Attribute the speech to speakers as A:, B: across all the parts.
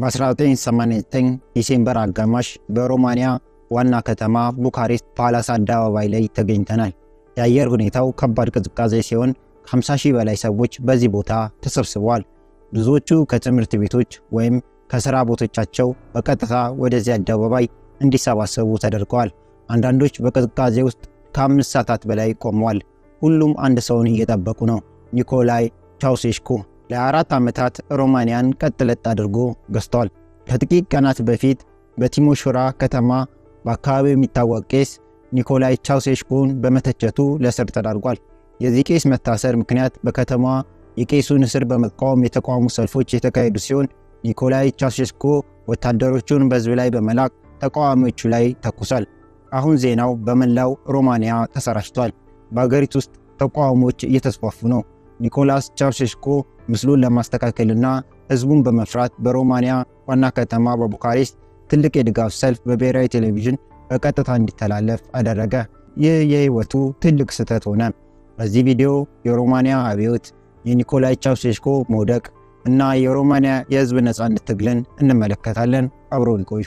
A: በ1989 ዲሴምበር አጋማሽ በሮማንያ ዋና ከተማ ቡካሬስት ፓላስ አደባባይ ላይ ተገኝተናል። የአየር ሁኔታው ከባድ ቅዝቃዜ ሲሆን ከ50 ሺህ በላይ ሰዎች በዚህ ቦታ ተሰብስበዋል። ብዙዎቹ ከትምህርት ቤቶች ወይም ከሥራ ቦቶቻቸው በቀጥታ ወደዚህ አደባባይ እንዲሰባሰቡ ተደርገዋል። አንዳንዶች በቅዝቃዜ ውስጥ ከአምስት ሰዓታት በላይ ቆመዋል። ሁሉም አንድ ሰውን እየጠበቁ ነው። ኒኮላይ ቻውሴሽኩ ለአራት ዓመታት ሮማንያን ቀጥለጥ አድርጎ ገዝቷል። ከጥቂት ቀናት በፊት በቲሞሹራ ከተማ በአካባቢው የሚታወቅ ቄስ ኒኮላይ ቻውሴሽኩን በመተቸቱ ለእስር ተዳርጓል። የዚህ ቄስ መታሰር ምክንያት በከተማዋ የቄሱን እስር በመቃወም የተቃውሞ ሰልፎች የተካሄዱ ሲሆን ኒኮላይ ቻውሴስኮ ወታደሮቹን በሕዝብ ላይ በመላክ ተቃዋሚዎቹ ላይ ተኩሷል። አሁን ዜናው በመላው ሮማንያ ተሰራጭቷል። በአገሪቱ ውስጥ ተቃውሞዎች እየተስፋፉ ነው። ኒኮላስ ቻውሼስኩ ምስሉን ለማስተካከልና ህዝቡን በመፍራት በሮማንያ ዋና ከተማ በቡካሬስት ትልቅ የድጋፍ ሰልፍ በብሔራዊ ቴሌቪዥን በቀጥታ እንዲተላለፍ አደረገ። ይህ የህይወቱ ትልቅ ስህተት ሆነ። በዚህ ቪዲዮ የሮማንያ አብዮት፣ የኒኮላይ ቻውሼስኩ መውደቅ እና የሮማንያ የህዝብ ነፃነት ትግልን እንመለከታለን። አብሮ ይቆዩ።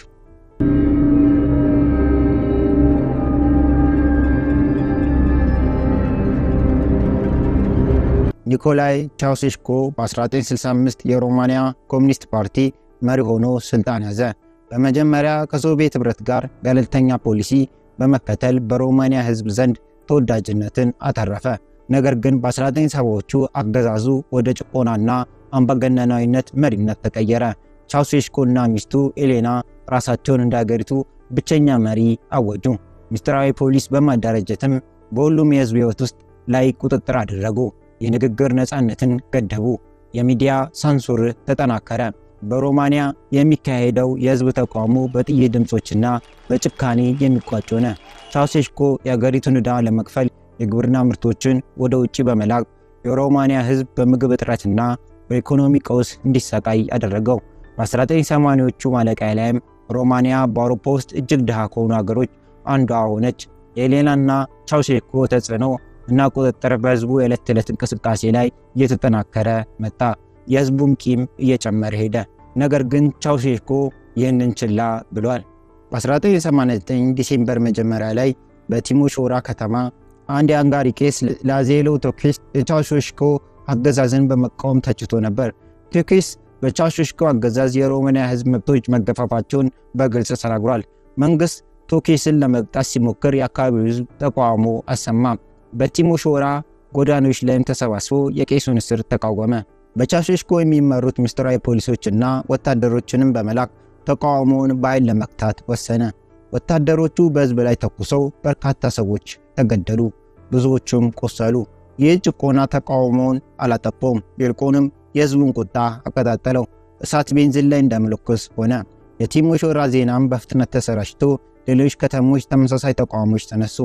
A: ኒኮላይ ቻውሴሽኮ በ1965 የሮማንያ ኮሚኒስት ፓርቲ መሪ ሆኖ ስልጣን ያዘ። በመጀመሪያ ከሶቪየት ኅብረት ጋር ገለልተኛ ፖሊሲ በመከተል በሮማንያ ሕዝብ ዘንድ ተወዳጅነትን አተረፈ። ነገር ግን በ1970ዎቹ አገዛዙ ወደ ጭቆናና አምባገነናዊነት መሪነት ተቀየረ። ቻውሴሽኮ እና ሚስቱ ኤሌና ራሳቸውን እንደ አገሪቱ ብቸኛ መሪ አወጁ። ምስጢራዊ ፖሊስ በማደራጀትም በሁሉም የሕዝብ ሕይወት ውስጥ ላይ ቁጥጥር አደረጉ። የንግግር ነፃነትን ገደቡ። የሚዲያ ሳንሱር ተጠናከረ። በሮማንያ የሚካሄደው የህዝብ ተቃውሞ በጥይት ድምፆችና በጭካኔ የሚቋጭ ሆነ። ቻውሴሽኮ የአገሪቱን ዕዳ ለመክፈል የግብርና ምርቶችን ወደ ውጭ በመላክ የሮማንያ ህዝብ በምግብ እጥረትና በኢኮኖሚ ቀውስ እንዲሰቃይ አደረገው። በ1980ዎቹ ማለቂያ ላይም ሮማንያ በአውሮፓ ውስጥ እጅግ ድሃ ከሆኑ ሀገሮች አንዷ ሆነች። የሌናና ቻውሴኮ ተጽዕኖ እና ቁጥጥር በህዝቡ የዕለት ተዕለት እንቅስቃሴ ላይ እየተጠናከረ መጣ። የህዝቡም ቂም እየጨመረ ሄደ። ነገር ግን ቻውሼኮ ይህንን ችላ ብሏል። በ1989 ዲሴምበር መጀመሪያ ላይ በቲሞሾራ ከተማ አንድ የአንጋሪ ቄስ ላዜሎ ቶኪስ የቻውሼኮ አገዛዝን በመቃወም ተችቶ ነበር። ቶኪስ በቻውሼኮ አገዛዝ የሮማንያ ህዝብ መብቶች መገፋፋቸውን በግልጽ ተናግሯል። መንግስት ቶኪስን ለመቅጣት ሲሞክር የአካባቢው ህዝብ ተቃውሞ አሰማ። በቲሞሾራ ጎዳኖች ላይም ተሰባስቦ የቄሱን እስር ተቃወመ። በቻሼሽኮ የሚመሩት ምስጢራዊ ፖሊሶችና ወታደሮችንም በመላክ ተቃውሞውን በኃይል ለመክታት ወሰነ። ወታደሮቹ በሕዝብ ላይ ተኩሰው በርካታ ሰዎች ተገደሉ፣ ብዙዎቹም ቆሰሉ። ይህ ጭቆና ተቃውሞውን አላጠፎም፣ ይልቁንም የሕዝቡን ቁጣ አቀጣጠለው። እሳት ቤንዚን ላይ እንደምልኩስ ሆነ። የቲሞሾራ ዜናም በፍጥነት ተሰራጭቶ ሌሎች ከተሞች ተመሳሳይ ተቃውሞች ተነሱ።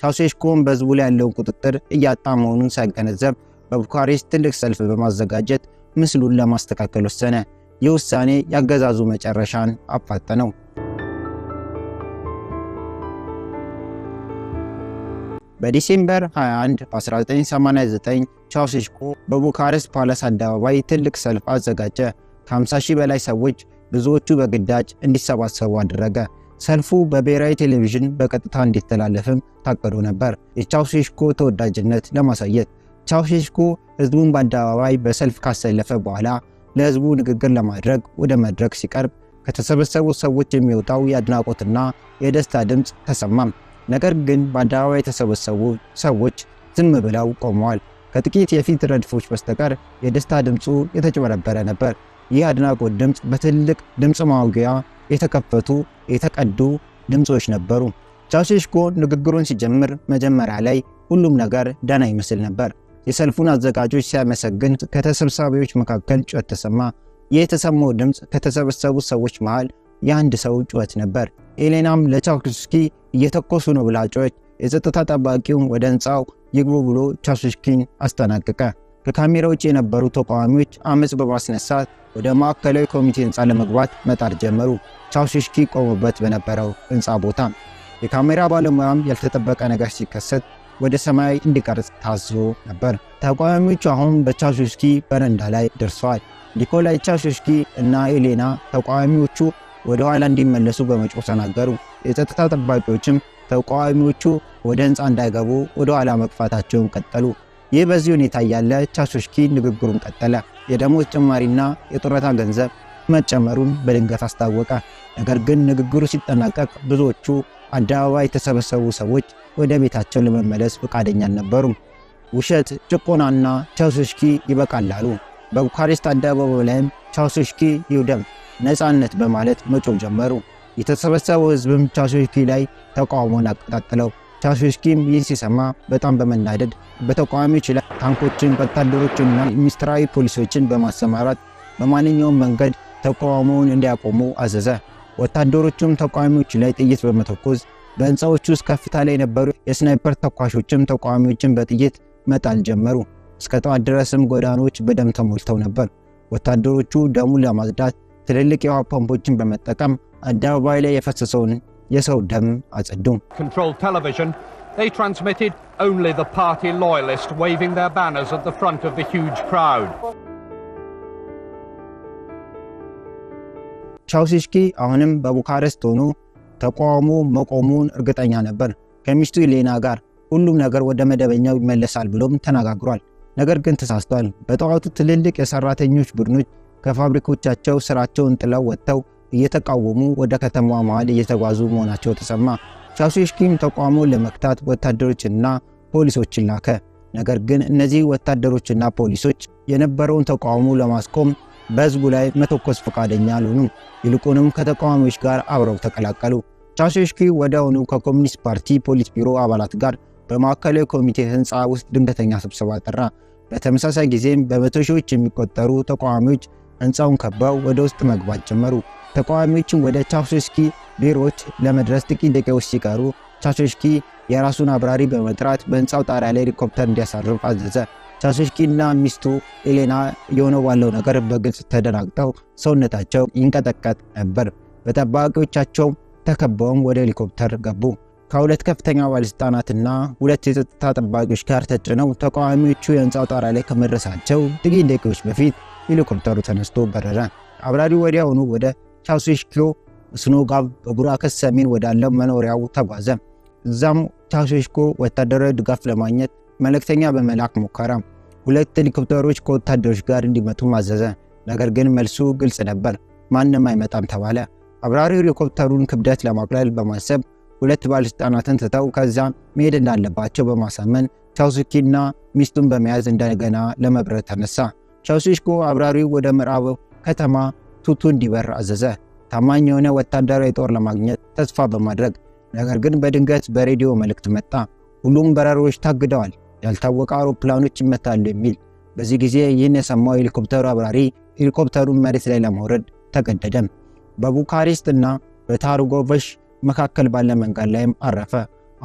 A: ቻውሴሽኮን በህዝቡ ላይ ያለውን ቁጥጥር እያጣ መሆኑን ሳይገነዘብ በቡካሬስት ትልቅ ሰልፍ በማዘጋጀት ምስሉን ለማስተካከል ወሰነ። ይህ ውሳኔ ያገዛዙ መጨረሻን አፋጠነው። በዲሴምበር 21 1989 ቻውሴሽኮ በቡካሬስት ፓላስ አደባባይ ትልቅ ሰልፍ አዘጋጀ። ከ50 ሺህ በላይ ሰዎች ብዙዎቹ በግዳጅ እንዲሰባሰቡ አደረገ። ሰልፉ በብሔራዊ ቴሌቪዥን በቀጥታ እንዲተላለፍም ታቀዶ ነበር። የቻውሼሽኮ ተወዳጅነት ለማሳየት ቻውሼሽኮ ህዝቡን በአደባባይ በሰልፍ ካሰለፈ በኋላ ለህዝቡ ንግግር ለማድረግ ወደ መድረክ ሲቀርብ ከተሰበሰቡት ሰዎች የሚወጣው የአድናቆትና የደስታ ድምፅ ተሰማም። ነገር ግን በአደባባይ የተሰበሰቡ ሰዎች ዝም ብለው ቆመዋል። ከጥቂት የፊት ረድፎች በስተቀር የደስታ ድምፁ የተጭበረበረ ነበር። ይህ አድናቆት ድምፅ በትልቅ ድምፅ ማውጊያ የተከፈቱ የተቀዱ ድምፆች ነበሩ። ቻውሼስኮ ንግግሩን ሲጀምር መጀመሪያ ላይ ሁሉም ነገር ደህና ይመስል ነበር። የሰልፉን አዘጋጆች ሲያመሰግን ከተሰብሳቢዎች መካከል ጩኸት ተሰማ። ይህ የተሰማው ድምፅ ከተሰበሰቡ ሰዎች መሃል የአንድ ሰው ጩኸት ነበር። ኤሌናም ለቻውሽስኪ እየተኮሱ ነው ብላ ጮኸች። የጸጥታ ጠባቂው ወደ ሕንፃው ይግቡ ብሎ ቻውሽስኪን አስጠናቀቀ። ከካሜራ ውጭ የነበሩ ተቃዋሚዎች አመፅ በማስነሳት ወደ ማዕከላዊ ኮሚቴ ህንፃ ለመግባት መጣር ጀመሩ። ቻውሽስኪ ቆሙበት በነበረው ህንፃ ቦታ የካሜራ ባለሙያም ያልተጠበቀ ነገር ሲከሰት ወደ ሰማይ እንዲቀርጽ ታዞ ነበር። ተቃዋሚዎቹ አሁን በቻውሽስኪ በረንዳ ላይ ደርሰዋል። ኒኮላይ ቻውሽስኪ እና ኤሌና ተቃዋሚዎቹ ወደ ኋላ እንዲመለሱ በመጮ ተናገሩ። የጸጥታ ጠባቂዎችም ተቃዋሚዎቹ ወደ ህንፃ እንዳይገቡ ወደ ኋላ መግፋታቸውን ቀጠሉ። ይህ በዚህ ሁኔታ እያለ ቻሶሽኪ ንግግሩን ቀጠለ። የደሞዝ ጭማሪና የጡረታ ገንዘብ መጨመሩን በድንገት አስታወቀ። ነገር ግን ንግግሩ ሲጠናቀቅ ብዙዎቹ አደባባይ የተሰበሰቡ ሰዎች ወደ ቤታቸው ለመመለስ ፈቃደኛ አልነበሩም። ውሸት፣ ጭቆናና ቻሶሽኪ ይበቃል አሉ። በቡካሬስት አደባባይ ላይም ቻውሾስኪ ይውደም፣ ነፃነት በማለት መጮህ ጀመሩ። የተሰበሰበው ህዝብም ቻሶሽኪ ላይ ተቃውሞን አቀጣጥለው ሻሾችኪም ይህ ሲሰማ በጣም በመናደድ በተቃዋሚዎች ላይ ታንኮችን፣ ወታደሮችንና ሚኒስትራዊ ፖሊሶችን በማሰማራት በማንኛውም መንገድ ተቃውሞውን እንዲያቆሙ አዘዘ። ወታደሮቹም ተቃዋሚዎች ላይ ጥይት በመተኮዝ በህንፃዎች ውስጥ ከፍታ ላይ የነበሩ የስናይፐር ተኳሾችም ተቃዋሚዎችን በጥይት መጣል ጀመሩ። እስከ ጠዋት ድረስም ጎዳናዎች በደም ተሞልተው ነበር። ወታደሮቹ ደሙን ለማጽዳት ትልልቅ የውሃ ፓምፖችን በመጠቀም አደባባይ ላይ የፈሰሰውን የሰው ደም አጸዱ። ቻውሲስኪ አሁንም በቡካረስት ሆኖ ተቃውሞ መቆሙን እርግጠኛ ነበር። ከሚስቱ ሌና ጋር ሁሉም ነገር ወደ መደበኛው ይመለሳል ብሎም ተነጋግሯል። ነገር ግን ተሳስቷል። በጠዋቱ ትልልቅ የሰራተኞች ቡድኖች ከፋብሪኮቻቸው ስራቸውን ጥለው ወጥተው እየተቃወሙ ወደ ከተማዋ መሃል እየተጓዙ መሆናቸው ተሰማ። ሻውሴሽኪም ተቋሙ ለመክታት ወታደሮችና ፖሊሶችን ላከ። ነገር ግን እነዚህ ወታደሮችና ፖሊሶች የነበረውን ተቃውሞ ለማስቆም በህዝቡ ላይ መተኮስ ፈቃደኛ አልሆኑ ይልቁንም ከተቃዋሚዎች ጋር አብረው ተቀላቀሉ። ቻሴሽኪ ወዲያውኑ ከኮሚኒስት ፓርቲ ፖሊስ ቢሮ አባላት ጋር በማዕከላዊ ኮሚቴ ህንፃ ውስጥ ድንገተኛ ስብሰባ ጠራ። በተመሳሳይ ጊዜም በመቶ ሺዎች የሚቆጠሩ ተቃዋሚዎች ሕንፃውን ከበው ወደ ውስጥ መግባት ጀመሩ። ተቃዋሚዎችን ወደ ቻውሽስኪ ቢሮዎች ለመድረስ ጥቂት ደቂቃዎች ሲቀሩ ቻውሽስኪ የራሱን አብራሪ በመጥራት በሕንፃው ጣሪያ ላይ ሄሊኮፕተር እንዲያሳርፍ አዘዘ። ቻውሽስኪ እና ሚስቱ ኤሌና የሆነ ባለው ነገር በግልጽ ተደናግጠው ሰውነታቸው ይንቀጠቀጥ ነበር። በጠባቂዎቻቸው ተከበውም ወደ ሄሊኮፕተር ገቡ። ከሁለት ከፍተኛ ባለስልጣናትና ሁለት የጸጥታ ጠባቂዎች ጋር ተጭነው ተቃዋሚዎቹ የሕንፃው ጣሪያ ላይ ከመድረሳቸው ጥቂት ደቂቃዎች በፊት ሄሊኮፕተሩ ተነስቶ በረረ። አብራሪው ወዲያውኑ ወደ ቻሱሽኪዮ ስኖጋብ በቡራከስ ሰሜን ወዳለው መኖሪያው ተጓዘ። እዛም ቻሱሽኮ ወታደራዊ ድጋፍ ለማግኘት መልእክተኛ በመላክ ሞከረ። ሁለት ሄሊኮፕተሮች ከወታደሮች ጋር እንዲመቱ ማዘዘ። ነገር ግን መልሱ ግልጽ ነበር፣ ማንም አይመጣም ተባለ። አብራሪው ሄሊኮፕተሩን ክብደት ለማቅለል በማሰብ ሁለት ባለስልጣናትን ትተው ከዛ መሄድ እንዳለባቸው በማሳመን ቻውስኪና ሚስቱን በመያዝ እንደገና ለመብረር ተነሳ። ሻውሴሽኮ አብራሪው ወደ ምዕራብ ከተማ ቱቱ እንዲበር አዘዘ። ታማኝ የሆነ ወታደራዊ ጦር ለማግኘት ተስፋ በማድረግ ነገር ግን በድንገት በሬዲዮ መልእክት መጣ። ሁሉም በረሮች ታግደዋል፣ ያልታወቀ አውሮፕላኖች ይመታሉ የሚል። በዚህ ጊዜ ይህን የሰማው ሄሊኮፕተሩ አብራሪ ሄሊኮፕተሩን መሬት ላይ ለማውረድ ተገደደም። በቡካሬስት እና በታርጎቨሽ መካከል ባለ መንገድ ላይም አረፈ።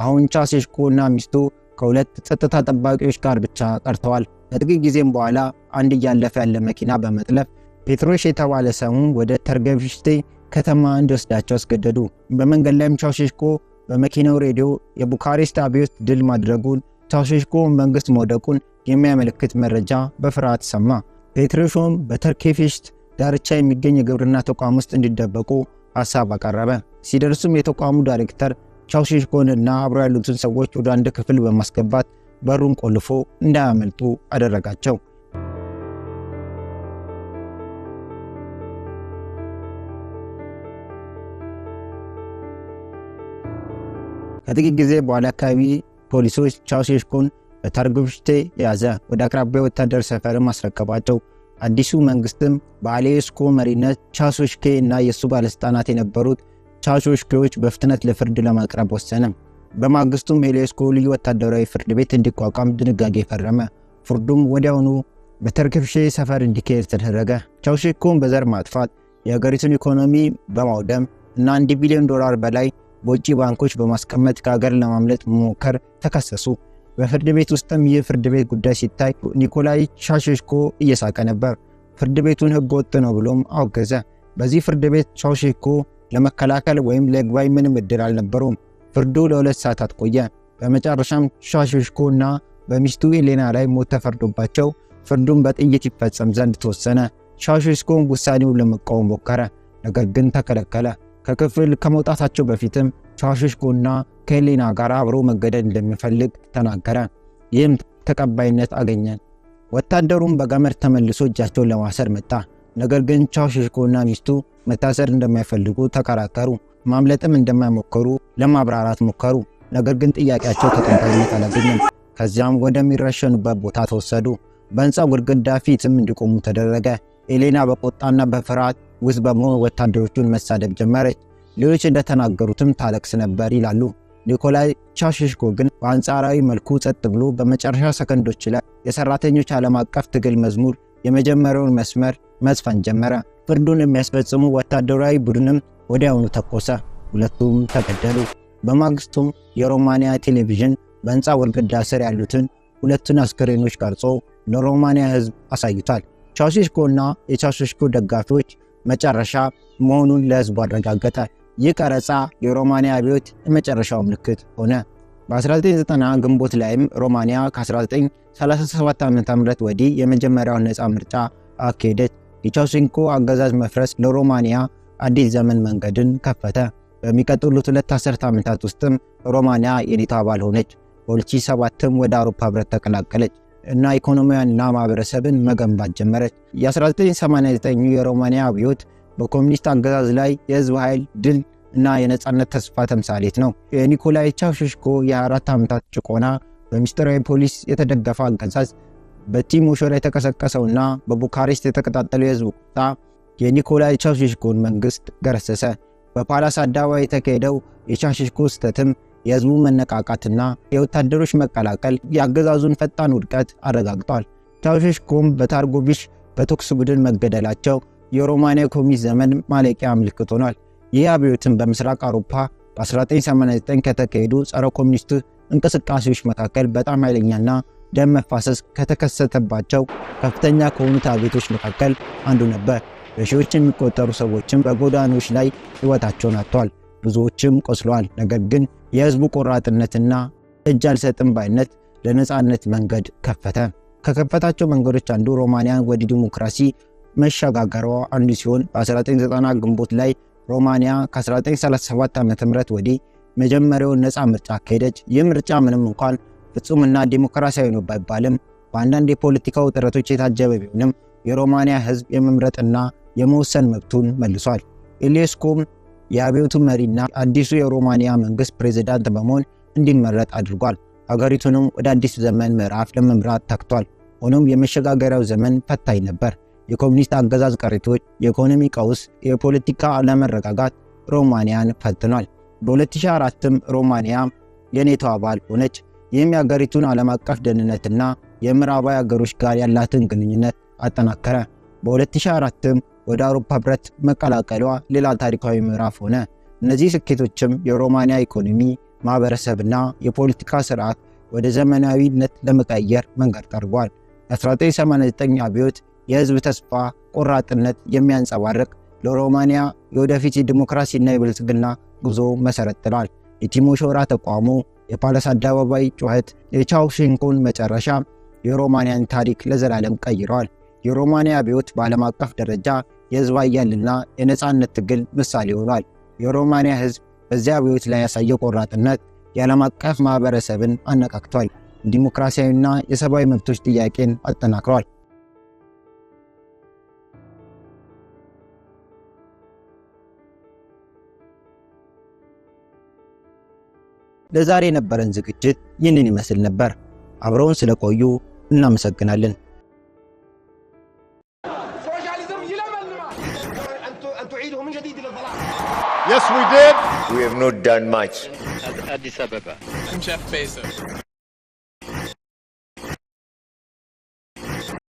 A: አሁን ቻሴሽኮ እና ሚስቱ ከሁለት ጸጥታ ጠባቂዎች ጋር ብቻ ቀርተዋል። ከጥቂት ጊዜም በኋላ አንድ እያለፈ ያለ መኪና በመጥለፍ ፔትሮሽ የተባለ ሰውን ወደ ተርገቪሽቴ ከተማ እንዲወስዳቸው አስገደዱ። በመንገድ ላይም ቻውሼሽኮ በመኪናው ሬዲዮ የቡካሬስት አብዮት ድል ማድረጉን፣ ቻውሼሽኮ መንግስት መውደቁን የሚያመለክት መረጃ በፍርሃት ሰማ። ፔትሮሾም በተርኬፊሽት ዳርቻ የሚገኝ የግብርና ተቋም ውስጥ እንዲደበቁ ሀሳብ አቀረበ። ሲደርሱም የተቋሙ ዳይሬክተር ቻውሼሽኮንና አብሮ ያሉትን ሰዎች ወደ አንድ ክፍል በማስገባት በሩን ቆልፎ እንዳያመልጡ አደረጋቸው። ከጥቂት ጊዜ በኋላ አካባቢ ፖሊሶች ቻውሼስኮን በታርጉሽቴ ያዘ። ወደ አቅራቢያ ወታደር ሰፈርም አስረከባቸው። አዲሱ መንግስትም በአሌስኮ መሪነት ቻሶሽኬ እና የእሱ ባለስልጣናት የነበሩት ቻሶሽኬዎች በፍጥነት ለፍርድ ለማቅረብ ወሰነም በማግስቱም ሄሌስኮ ልዩ ወታደራዊ ፍርድ ቤት እንዲቋቋም ድንጋጌ ፈረመ። ፍርዱም ወዲያውኑ በተርክፍሼ ሰፈር እንዲካሄድ ተደረገ። ቻውሼኮን በዘር ማጥፋት፣ የሀገሪቱን ኢኮኖሚ በማውደም እና አንድ ቢሊዮን ዶላር በላይ በውጭ ባንኮች በማስቀመጥ ከሀገር ለማምለጥ መሞከር ተከሰሱ። በፍርድ ቤት ውስጥም ይህ ፍርድ ቤት ጉዳይ ሲታይ ኒኮላይ ቻውሼኮ እየሳቀ ነበር። ፍርድ ቤቱን ሕገ ወጥ ነው ብሎም አወገዘ። በዚህ ፍርድ ቤት ቻውሼኮ ለመከላከል ወይም ለግባይ ምንም እድል አልነበሩም። ፍርዱ ለሁለት ሰዓታት ቆየ። በመጨረሻም ሻሽሽኮና በሚስቱ ኤሌና ላይ ሞት ተፈርዶባቸው ፍርዱን በጥይት ይፈጸም ዘንድ ተወሰነ። ሻሽሽኮ ውሳኔውን ለመቃወም ሞከረ፣ ነገር ግን ተከለከለ። ከክፍል ከመውጣታቸው በፊትም ሻሽሽኮና ከኤሌና ጋር አብሮ መገደል እንደሚፈልግ ተናገረ። ይህም ተቀባይነት አገኘ። ወታደሩም በገመድ ተመልሶ እጃቸውን ለማሰር መጣ። ነገር ግን ቻውሽሽኮና ሚስቱ መታሰር እንደማይፈልጉ ተከራከሩ። ማምለጥም እንደማይሞክሩ ለማብራራት ሞከሩ። ነገር ግን ጥያቄያቸው ተቀባይነት አላገኘም። ከዚያም ወደሚረሸኑበት ቦታ ተወሰዱ። በህንፃው ግድግዳ ፊትም እንዲቆሙ ተደረገ። ኤሌና በቆጣና በፍርሃት ውስጥ በመሆን ወታደሮቹን መሳደብ ጀመረች። ሌሎች እንደተናገሩትም ታለቅስ ነበር ይላሉ። ኒኮላይ ቻሽሽኮ ግን በአንጻራዊ መልኩ ጸጥ ብሎ በመጨረሻ ሰከንዶች ላይ የሰራተኞች ዓለም አቀፍ ትግል መዝሙር የመጀመሪያውን መስመር መዝፈን ጀመረ። ፍርዱን የሚያስፈጽሙ ወታደራዊ ቡድንም ወዲያውኑ ተኮሰ። ሁለቱም ተገደሉ። በማግስቱም የሮማንያ ቴሌቪዥን በህንፃ ወርግዳ ስር ያሉትን ሁለቱን አስክሬኖች ቀርጾ ለሮማንያ ህዝብ አሳይቷል። ቻውሼስኮ እና የቻውሼስኮ ደጋፊዎች መጨረሻ መሆኑን ለህዝቡ አረጋገጠ። ይህ ቀረጻ የሮማንያ አብዮት የመጨረሻው ምልክት ሆነ። በ1990 ግንቦት ላይም ሮማንያ ከ1937 ዓ ም ወዲህ የመጀመሪያውን ነፃ ምርጫ አካሄደች። የቻውሼንኮ አገዛዝ መፍረስ ለሮማንያ አዲስ ዘመን መንገድን ከፈተ። በሚቀጥሉት ሁለት አስርት ዓመታት ውስጥም ሮማንያ የኔቶ አባል ሆነች። በ2007ም ወደ አውሮፓ ህብረት ተቀላቀለች እና ኢኮኖሚያንና ማህበረሰብን መገንባት ጀመረች። የ1989 የሮማንያ አብዮት በኮሚኒስት አገዛዝ ላይ የህዝብ ኃይል ድል እና የነፃነት ተስፋ ተምሳሌት ነው። የኒኮላይ ቻውሽሽኮ የ24 ዓመታት ጭቆና፣ በሚስጥራዊ ፖሊስ የተደገፈ አገዛዝ፣ በቲሞሾር የተቀሰቀሰውና በቡካሬስት የተቀጣጠለው የህዝብ ቁጣ የኒኮላይ ቻውሼስኩን መንግሥት ገረሰሰ። በፓላስ አደባባይ የተካሄደው የቻውሼስኩ ስህተትም የሕዝቡ መነቃቃትና የወታደሮች መቀላቀል የአገዛዙን ፈጣን ውድቀት አረጋግጧል። ቻውሼስኩም በታርጎቢሽ በተኩስ ቡድን መገደላቸው የሮማንያ ኮሚኒስት ዘመን ማለቂያ ምልክት ሆኗል። ይህ አብዮትም በምስራቅ አውሮፓ በ1989 ከተካሄዱ ጸረ ኮሚኒስት እንቅስቃሴዎች መካከል በጣም ኃይለኛና ደም መፋሰስ ከተከሰተባቸው ከፍተኛ ከሆኑት አብዮቶች መካከል አንዱ ነበር። በሺዎች የሚቆጠሩ ሰዎችም በጎዳኖች ላይ ሕይወታቸውን አጥተዋል። ብዙዎችም ቆስለዋል። ነገር ግን የሕዝቡ ቆራጥነትና እጅ አልሰጥም ባይነት ለነፃነት መንገድ ከፈተ። ከከፈታቸው መንገዶች አንዱ ሮማንያን ወደ ዲሞክራሲ መሸጋገሯ አንዱ ሲሆን በ1990 ግንቦት ላይ ሮማንያ ከ1937 ዓ ም ወዲህ መጀመሪያውን ነፃ ምርጫ አካሄደች። ይህ ምርጫ ምንም እንኳን ፍጹምና ዲሞክራሲያዊ ነው ባይባልም በአንዳንድ የፖለቲካ ጥረቶች የታጀበ ቢሆንም የሮማንያ ህዝብ የመምረጥና የመወሰን መብቱን መልሷል። ኢሌስኩም የአብዮቱ መሪና አዲሱ የሮማንያ መንግስት ፕሬዚዳንት በመሆን እንዲመረጥ አድርጓል። አገሪቱንም ወደ አዲስ ዘመን ምዕራፍ ለመምራት ተክቷል። ሆኖም የመሸጋገሪያው ዘመን ፈታኝ ነበር። የኮሚኒስት አገዛዝ ቅሪቶች፣ የኢኮኖሚ ቀውስ፣ የፖለቲካ አለመረጋጋት ሮማንያን ፈትኗል። በ2004ም ሮማንያ የኔቶ አባል ሆነች። ይህም የአገሪቱን ዓለም አቀፍ ደህንነትና የምዕራባዊ አገሮች ጋር ያላትን ግንኙነት አጠናከረ። በ2004ም ወደ አውሮፓ ህብረት መቀላቀሏ ሌላ ታሪካዊ ምዕራፍ ሆነ። እነዚህ ስኬቶችም የሮማንያ ኢኮኖሚ፣ ማህበረሰብና የፖለቲካ ስርዓት ወደ ዘመናዊነት ለመቀየር መንገድ ጠርጓል የ1989 አብዮት የህዝብ ተስፋ ቆራጥነት የሚያንጸባርቅ ለሮማንያ የወደፊት የዲሞክራሲና የብልጽግና ጉዞ መሰረት ጥሏል። የቲሞሾራ ተቋሙ፣ የፓለስ አደባባይ ጩኸት፣ የቻውሼንኮን መጨረሻ የሮማንያን ታሪክ ለዘላለም ቀይረዋል። የሮማንያ አብዮት በዓለም አቀፍ ደረጃ የህዝብ አያልና የነፃነት ትግል ምሳሌ ሆኗል። የሮማንያ ህዝብ በዚያ አብዮት ላይ ያሳየው ቆራጥነት የዓለም አቀፍ ማህበረሰብን አነቃቅቷል። ዲሞክራሲያዊና የሰብአዊ መብቶች ጥያቄን አጠናክሯል። ለዛሬ የነበረን ዝግጅት ይህንን ይመስል ነበር። አብረውን ስለቆዩ እናመሰግናለን። Yes, we did. We have not done much. Addis Ababa. Jeff Bezos.